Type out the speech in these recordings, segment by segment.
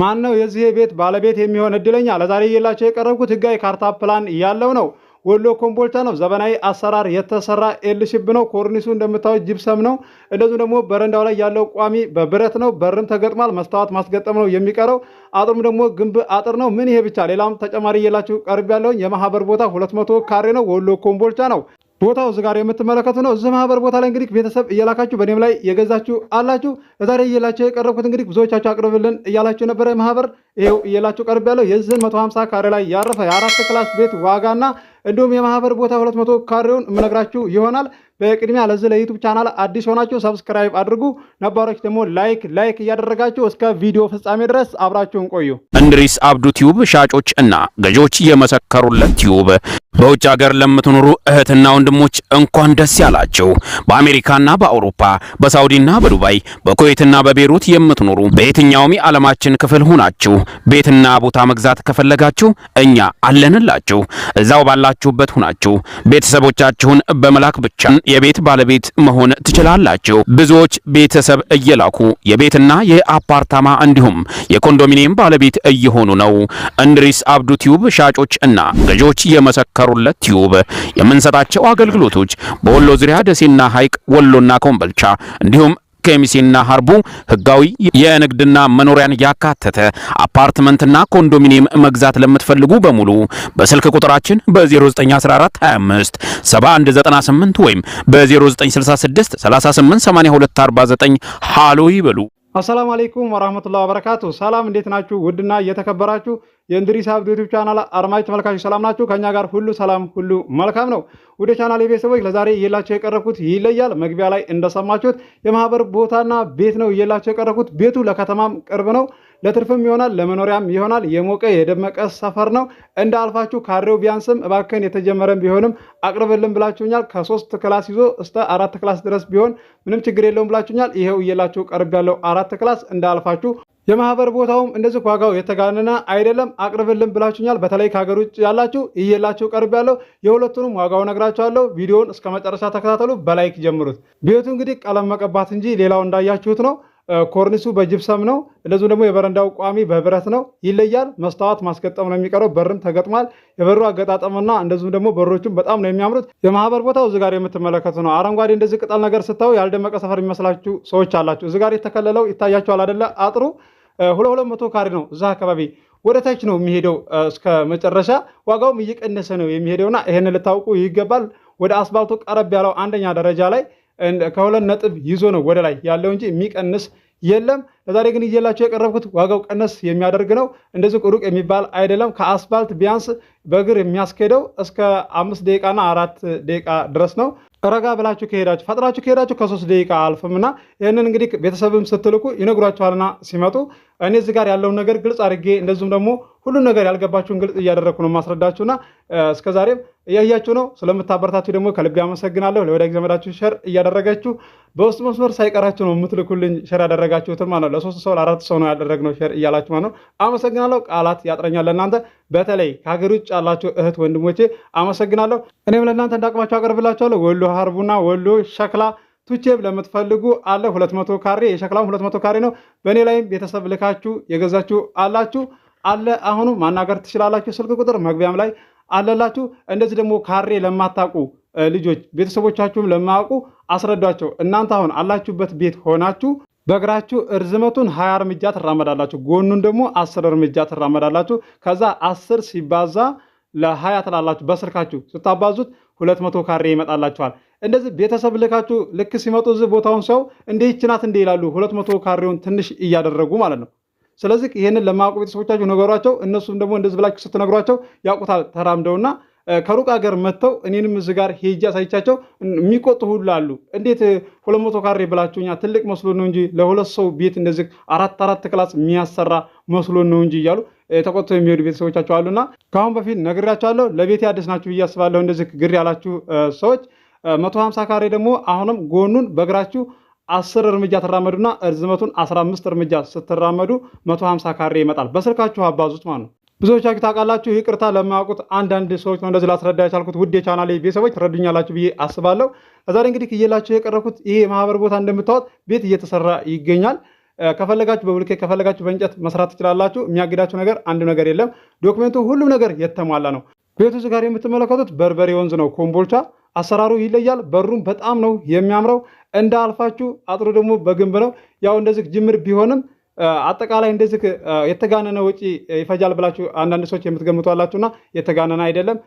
ማን ነው የዚህ ቤት ባለቤት የሚሆን እድለኛ? ለዛሬ እየላቸው የቀረብኩት ህጋዊ ካርታ ፕላን ያለው ነው። ወሎ ኮምቦልቻ ነው። ዘመናዊ አሰራር የተሰራ ኤልሽብ ነው። ኮርኒሱ እንደምታዩት ጅብሰም ነው። እንደዚሁም ደግሞ በረንዳው ላይ ያለው ቋሚ በብረት ነው። በርም ተገጥሟል። መስታወት ማስገጠም ነው የሚቀረው። አጥሩም ደግሞ ግንብ አጥር ነው። ምን ይሄ ብቻ ሌላም ተጨማሪ የላችሁ ቀርብ ያለውን የማህበር ቦታ ሁለት መቶ ካሬ ነው። ወሎ ኮምቦልቻ ነው። ቦታው እዚህ ጋር የምትመለከቱ ነው። እዚህ ማህበር ቦታ ላይ እንግዲህ ቤተሰብ እየላካችሁ በእኔም ላይ የገዛችሁ አላችሁ። ዛሬ እየላቸው የቀረብኩት እንግዲህ ብዙዎቻችሁ አቅርብልን እያላችሁ የነበረ ማህበር ይኸው እየላችሁ ቀርብ ያለው የዚህን 150 ካሬ ላይ ያረፈ የአራት ክላስ ቤት ዋጋና እንዲሁም የማህበር ቦታ 200 ካሬውን የምነግራችሁ ይሆናል። በቅድሚያ ለዚህ ለዩቱብ ቻናል አዲስ የሆናችሁ ሰብስክራይብ አድርጉ፣ ነባሮች ደግሞ ላይክ ላይክ እያደረጋችሁ እስከ ቪዲዮ ፍጻሜ ድረስ አብራችሁን ቆዩ። እንድሪስ አብዱ ቲዩብ ሻጮች እና ገዢዎች እየመሰከሩለት ቲዩብ በውጭ ሀገር ለምትኖሩ እህትና ወንድሞች እንኳን ደስ ያላችሁ። በአሜሪካና በአውሮፓ በሳውዲና በዱባይ በኩዌትና በቤሩት የምትኖሩ በየትኛውም የዓለማችን ክፍል ሆናችሁ ቤትና ቦታ መግዛት ከፈለጋችሁ እኛ አለንላችሁ። እዛው ባላችሁበት ሆናችሁ ቤተሰቦቻችሁን በመላክ ብቻ የቤት ባለቤት መሆን ትችላላችሁ። ብዙዎች ቤተሰብ እየላኩ የቤትና የአፓርታማ እንዲሁም የኮንዶሚኒየም ባለቤት እየሆኑ ነው። እንድሪስ አብዱ ቲዩብ ሻጮች እና ገዢዎች የመሰከሩለት ቲዩብ የምንሰጣቸው አገልግሎቶች በወሎ ዙሪያ ደሴና ሐይቅ፣ ወሎና ኮምበልቻ እንዲሁም ከሚሴና ሀርቡ ህጋዊ የንግድና መኖሪያን ያካተተ አፓርትመንትና ኮንዶሚኒየም መግዛት ለምትፈልጉ በሙሉ በስልክ ቁጥራችን በ091425 ወይም በ0966 388249 ሃሎ ይበሉ። አሰላሙ አሌይኩም ወራህመቱላ ወበረካቱ። ሰላም እንዴት ናችሁ? ውድና እየተከበራችሁ የእንድሪስ አብዱ ዩቲዩብ ቻናል አድማጭ ተመልካቾች ሰላም ናችሁ? ከእኛ ጋር ሁሉ ሰላም ሁሉ መልካም ነው። ውድ ቻናል የቤተሰቦች ለዛሬ እየላቸው የቀረብኩት ይለያል። መግቢያ ላይ እንደሰማችሁት የማህበር ቦታና ቤት ነው እየላቸው የቀረብኩት። ቤቱ ለከተማም ቅርብ ነው። ለትርፍም ይሆናል፣ ለመኖሪያም ይሆናል። የሞቀ የደመቀ ሰፈር ነው። እንደ አልፋችሁ ካሬው ቢያንስም እባክህን የተጀመረም ቢሆንም አቅርብልን ብላችሁኛል። ከሶስት ክላስ ይዞ እስከ አራት ክላስ ድረስ ቢሆን ምንም ችግር የለውም ብላችሁኛል። ይሄው እየላችሁ ቀርብ ያለው አራት ክላስ እንደ አልፋችሁ የማህበር ቦታውም እንደዚህ ዋጋው የተጋነነ አይደለም። አቅርብልን ብላችሁኛል። በተለይ ከሀገር ውጭ ያላችሁ እየላችሁ ቀርብ ያለው የሁለቱንም ዋጋው ነግራችኋለሁ። ቪዲዮውን እስከ መጨረሻ ተከታተሉ። በላይክ ጀምሩት። ቤቱ እንግዲህ ቀለም መቀባት እንጂ ሌላው እንዳያችሁት ነው። ኮርኒሱ በጅብሰም ነው። እንደዚሁም ደግሞ የበረንዳው ቋሚ በብረት ነው። ይለያል። መስታወት ማስገጠም ነው የሚቀረው። በርም ተገጥሟል። የበሩ አገጣጠምና እንደዚሁም ደግሞ በሮቹም በጣም ነው የሚያምሩት። የማህበር ቦታው እዚ ጋር የምትመለከቱ ነው። አረንጓዴ እንደዚህ ቅጠል ነገር ስታዩ ያልደመቀ ሰፈር የሚመስላችሁ ሰዎች አላችሁ። እዚ ጋር የተከለለው ይታያችኋል አደለ? አጥሩ ሁለት ሁለት መቶ ካሬ ነው። እዛ አካባቢ ወደ ታች ነው የሚሄደው እስከ መጨረሻ። ዋጋውም እየቀነሰ ነው የሚሄደውና ይህን ልታውቁ ይገባል። ወደ አስፋልቱ ቀረብ ያለው አንደኛ ደረጃ ላይ ከሁለት ነጥብ ይዞ ነው ወደ ላይ ያለው እንጂ የሚቀንስ የለም። ለዛሬ ግን እየላቸው የቀረብኩት ዋጋው ቀነስ የሚያደርግ ነው። እንደዚህ ሩቅ የሚባል አይደለም። ከአስፋልት ቢያንስ በእግር የሚያስኬደው እስከ አምስት ደቂቃና አራት ደቂቃ ድረስ ነው። ረጋ ብላችሁ ከሄዳችሁ ፈጥራችሁ ከሄዳችሁ ከሶስት ደቂቃ አልፍም እና ይህንን እንግዲህ ቤተሰብም ስትልኩ ይነግሯችኋልና ሲመጡ እኔ እዚህ ጋር ያለውን ነገር ግልጽ አድርጌ እንደዚሁም ደግሞ ሁሉን ነገር ያልገባችሁን ግልጽ እያደረግኩ ነው የማስረዳችሁና እስከዛሬም እያያችሁ ነው። ስለምታበረታችሁ ደግሞ ከልቤ አመሰግናለሁ። ለወዳጅ ዘመዳችሁ ሸር እያደረጋችሁ በውስጥ መስመር ሳይቀራችሁ ነው የምትልኩልኝ። ሸር ያደረጋችሁትን ማለት ነው ለሶስት ሰው ለአራት ሰው ነው ያደረግነው ሸር እያላችሁ ማለት ነው። አመሰግናለሁ። ቃላት ያጥረኛል። ለእናንተ በተለይ ከሀገር ውጭ ያላችሁ እህት ወንድሞቼ አመሰግናለሁ። እኔም ለእናንተ እንዳቅማችሁ አቀርብላችኋለሁ። ወሎ ሀርቡና ወሎ ሸክላ ቱቼብ ለምትፈልጉ አለ ሁለት መቶ ካሬ የሸክላም ሁለት መቶ ካሬ ነው። በእኔ ላይም ቤተሰብ ልካችሁ የገዛችሁ አላችሁ አለ አሁኑ ማናገር ትችላላችሁ። ስልክ ቁጥር መግቢያም ላይ አለላችሁ። እንደዚህ ደግሞ ካሬ ለማታውቁ ልጆች ቤተሰቦቻችሁም ለማያውቁ አስረዷቸው። እናንተ አሁን አላችሁበት ቤት ሆናችሁ በእግራችሁ እርዝመቱን ሀያ እርምጃ ትራመዳላችሁ፣ ጎኑን ደግሞ አስር እርምጃ ትራመዳላችሁ። ከዛ አስር ሲባዛ ለሀያ ትላላችሁ። በስልካችሁ ስታባዙት ሁለት መቶ ካሬ ይመጣላችኋል። እንደዚህ ቤተሰብ ልካችሁ ልክ ሲመጡ እዚህ ቦታውን ሰው እንዴ ይችናት እንዴ ይላሉ። ሁለት መቶ ካሬውን ትንሽ እያደረጉ ማለት ነው። ስለዚህ ይህንን ለማያውቁ ቤተሰቦቻችሁ ነገሯቸው። እነሱም ደግሞ እንደዚህ ብላችሁ ስትነግሯቸው ያውቁታል ተራምደውና ከሩቅ ሀገር መጥተው እኔንም እዚህ ጋር ሄጄ አሳይቻቸው የሚቆጡ ሁሉ አሉ። እንዴት ሁለት መቶ ካሬ ብላችሁኛ ትልቅ መስሎን ነው እንጂ ለሁለት ሰው ቤት እንደዚህ አራት አራት ክላስ የሚያሰራ መስሎን ነው እንጂ እያሉ ተቆጥቶ የሚሄዱ ቤተሰቦቻቸው አሉና ከአሁን በፊት ነግሬያቸዋለሁ። ለቤት አዲስ ናችሁ ብዬ አስባለሁ። እንደዚህ ግር ያላችሁ ሰዎች መቶ ሀምሳ ካሬ ደግሞ አሁንም ጎኑን በእግራችሁ አስር እርምጃ ትራመዱና እርዝመቱን 15 እርምጃ ስትራመዱ 150 ካሬ ይመጣል። በስልካችሁ አባዙት ማለት ነው። ብዙዎቻችሁ ታውቃላችሁ። ይቅርታ ለማያውቁት አንዳንድ ሰዎች ነው እንደዚህ ላስረዳ የቻልኩት። ውድ የቻናሌ ቤተሰቦች ትረዱኛላችሁ ብዬ አስባለሁ። ከዛሬ እንግዲህ ክየላችሁ የቀረብኩት ይሄ የማህበር ቦታ እንደምታወት ቤት እየተሰራ ይገኛል። ከፈለጋችሁ በብሎኬት ከፈለጋችሁ በእንጨት መስራት ትችላላችሁ። የሚያግዳችሁ ነገር አንድ ነገር የለም። ዶክመንቱ ሁሉም ነገር የተሟላ ነው። ቤት ውስጥ ጋር የምትመለከቱት በርበሬ ወንዝ ነው ኮምቦልቻ። አሰራሩ ይለያል። በሩም በጣም ነው የሚያምረው። እንደ አልፋችሁ አጥሩ ደግሞ በግንብ ነው። ያው እንደዚህ ጅምር ቢሆንም አጠቃላይ እንደዚህ የተጋነነ ወጪ ይፈጃል ብላችሁ አንዳንድ ሰዎች የምትገምቷላችሁና የተጋነነ አይደለም።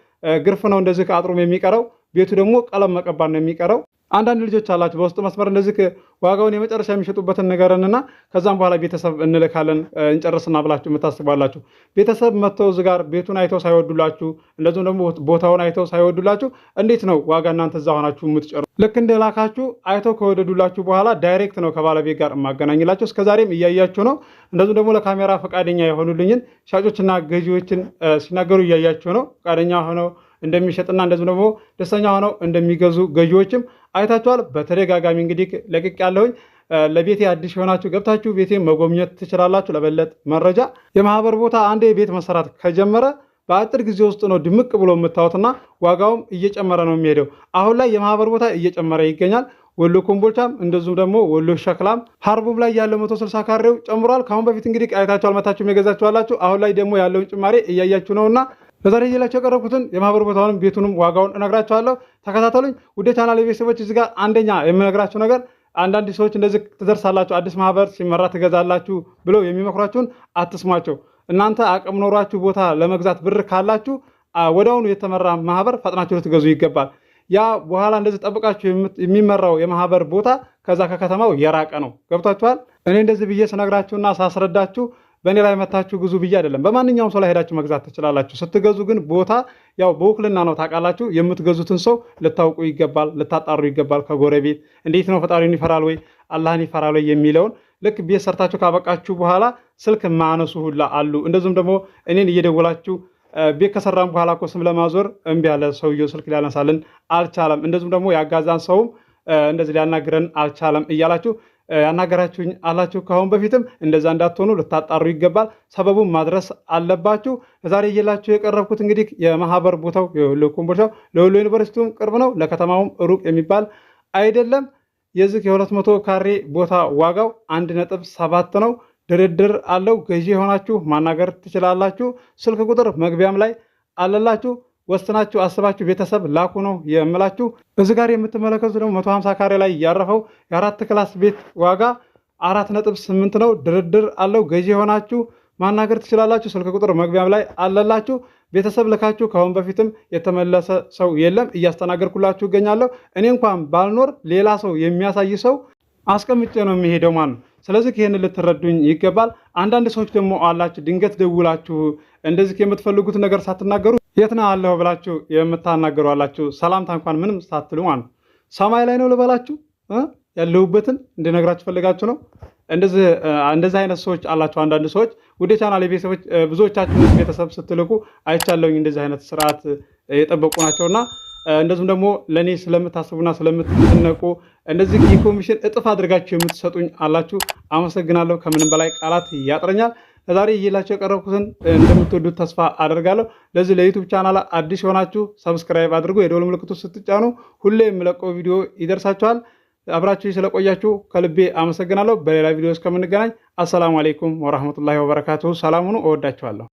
ግርፍ ነው እንደዚህ አጥሩም የሚቀረው። ቤቱ ደግሞ ቀለም መቀባት ነው የሚቀረው። አንዳንድ ልጆች አላችሁ በውስጥ መስመር እንደዚህ ዋጋውን የመጨረሻ የሚሸጡበትን ንገረንና ከዛም በኋላ ቤተሰብ እንልካለን እንጨርስና ብላችሁ የምታስባላችሁ ቤተሰብ መጥተው እዚህ ጋር ቤቱን አይተው ሳይወዱላችሁ፣ እንደዚሁም ደግሞ ቦታውን አይተው ሳይወዱላችሁ እንዴት ነው ዋጋ እናንተ እዛ ሆናችሁ የምትጨሩ? ልክ እንደላካችሁ አይተው ከወደዱላችሁ በኋላ ዳይሬክት ነው ከባለቤት ጋር የማገናኝላችሁ። እስከዛሬም እያያችሁ ነው። እንደዚሁም ደግሞ ለካሜራ ፈቃደኛ የሆኑልኝን ሻጮችና ገዢዎችን ሲናገሩ እያያችሁ ነው። ፈቃደኛ ሆነው እንደሚሸጥና እንደዚሁም ደግሞ ደስተኛ ሆነው እንደሚገዙ ገዢዎችም አይታችኋል። በተደጋጋሚ እንግዲህ ለቅቅ ያለሁኝ ለቤቴ አዲስ የሆናችሁ ገብታችሁ ቤቴ መጎብኘት ትችላላችሁ። ለበለጥ መረጃ የማህበር ቦታ አንዴ ቤት መሰራት ከጀመረ በአጭር ጊዜ ውስጥ ነው ድምቅ ብሎ የምታዩትና ዋጋውም እየጨመረ ነው የሚሄደው። አሁን ላይ የማህበር ቦታ እየጨመረ ይገኛል። ወሎ ኮምቦልቻም እንደዚሁም ደግሞ ወሎ ሸክላም ሀርቡም ላይ ያለው ስልሳ ካሬው ጨምሯል። ከአሁን በፊት እንግዲህ አይታችኋል፣ መታችሁም የገዛችኋላችሁ። አሁን ላይ ደግሞ ያለውን ጭማሬ እያያችሁ ነውና በዛሬ ይዤላችሁ የቀረብኩትን የማህበር ቦታውንም ቤቱንም ዋጋውን እነግራቸዋለሁ። ተከታተሉኝ። ውደ ቻናል ቤተሰቦች፣ እዚህ ጋር አንደኛ የምነግራችሁ ነገር አንዳንድ ሰዎች እንደዚህ ትደርሳላችሁ፣ አዲስ ማህበር ሲመራ ትገዛላችሁ ብለው የሚመክሯችሁን አትስሟቸው። እናንተ አቅም ኖሯችሁ ቦታ ለመግዛት ብር ካላችሁ ወደውኑ የተመራ ማህበር ፈጥናችሁ ልትገዙ ይገባል። ያ በኋላ እንደዚህ ጠብቃችሁ የሚመራው የማህበር ቦታ ከዛ ከከተማው የራቀ ነው። ገብቷችኋል? እኔ እንደዚህ ብዬ ስነግራችሁና ሳስረዳችሁ በእኔ ላይ መታችሁ ግዙ ብዬ አይደለም። በማንኛውም ሰው ላይ ሄዳችሁ መግዛት ትችላላችሁ። ስትገዙ ግን ቦታ ያው በውክልና ነው ታውቃላችሁ። የምትገዙትን ሰው ልታውቁ ይገባል፣ ልታጣሩ ይገባል። ከጎረቤት እንዴት ነው ፈጣሪን ይፈራል ወይ አላህን ይፈራል ወይ የሚለውን ልክ ቤት ሰርታችሁ ካበቃችሁ በኋላ ስልክ ማነሱ ሁላ አሉ። እንደዚሁም ደግሞ እኔን እየደወላችሁ ቤት ከሰራም በኋላ ኮስም ለማዞር እምቢ ያለ ሰውየው ስልክ ሊያነሳልን አልቻለም፣ እንደዚሁም ደግሞ ያጋዛን ሰውም እንደዚህ ሊያናግረን አልቻለም እያላችሁ ያናገራችሁኝ አላችሁ። ከአሁን በፊትም እንደዛ እንዳትሆኑ ልታጣሩ ይገባል። ሰበቡን ማድረስ አለባችሁ። ዛሬ እየላችሁ የቀረብኩት እንግዲህ የማህበር ቦታው ኮምቦልቻው ለወሎ ዩኒቨርሲቲውም ቅርብ ነው፣ ለከተማውም ሩቅ የሚባል አይደለም። የዚህ የሁለት መቶ ካሬ ቦታ ዋጋው አንድ ነጥብ ሰባት ነው። ድርድር አለው። ገዢ የሆናችሁ ማናገር ትችላላችሁ። ስልክ ቁጥር መግቢያም ላይ አለላችሁ። ወስናችሁ አስባችሁ ቤተሰብ ላኩ ነው የምላችሁ። እዚህ ጋር የምትመለከቱት ደግሞ ሀምሳ ካሬ ላይ ያረፈው የአራት ክላስ ቤት ዋጋ አራት ነጥብ ስምንት ነው። ድርድር አለው። ገዢ የሆናችሁ ማናገር ትችላላችሁ። ስልክ ቁጥር መግቢያም ላይ አለላችሁ። ቤተሰብ ልካችሁ ከአሁን በፊትም የተመለሰ ሰው የለም። እያስተናገድኩላችሁ እገኛለሁ። እኔ እንኳን ባልኖር ሌላ ሰው የሚያሳይ ሰው አስቀምጬ ነው የሚሄደው ማለት ነው። ስለዚህ ይህን ልትረዱኝ ይገባል። አንዳንድ ሰዎች ደግሞ አላችሁ ድንገት ደውላችሁ እንደዚህ የምትፈልጉት ነገር ሳትናገሩ የት ነህ አለሁ ብላችሁ የምታናገሩ አላችሁ። ሰላምታ እንኳን ምንም ሳትሉ ማለት ሰማይ ላይ ነው ልበላችሁ ያለሁበትን እንድነግራችሁ ፈልጋችሁ ነው። እንደዚህ አይነት ሰዎች አላችሁ። አንዳንድ ሰዎች ወደ ቻናል የቤተሰቦች ብዙዎቻችሁ ቤተሰብ ስትልኩ አይቻለውኝ። እንደዚህ አይነት ስርዓት የጠበቁ ናቸውና እንደዚሁም ደግሞ ለእኔ ስለምታስቡና ስለምትነቁ እንደዚህ የኮሚሽን እጥፍ አድርጋችሁ የምትሰጡኝ አላችሁ። አመሰግናለሁ። ከምንም በላይ ቃላት ያጥረኛል። ለዛሬ ይዤላችሁ የቀረብኩትን እንደምትወዱት ተስፋ አደርጋለሁ። ለዚህ ለዩቱብ ቻናል አዲስ የሆናችሁ ሰብስክራይብ አድርጉ። የደወል ምልክቱ ስትጫኑ ሁሌ የምለቀው ቪዲዮ ይደርሳችኋል። አብራችሁ ስለቆያችሁ ከልቤ አመሰግናለሁ። በሌላ ቪዲዮ እስከምንገናኝ አሰላሙ አሌይኩም ወራህመቱላሂ ወበረካቱሁ። ሰላሙኑ እወዳችኋለሁ።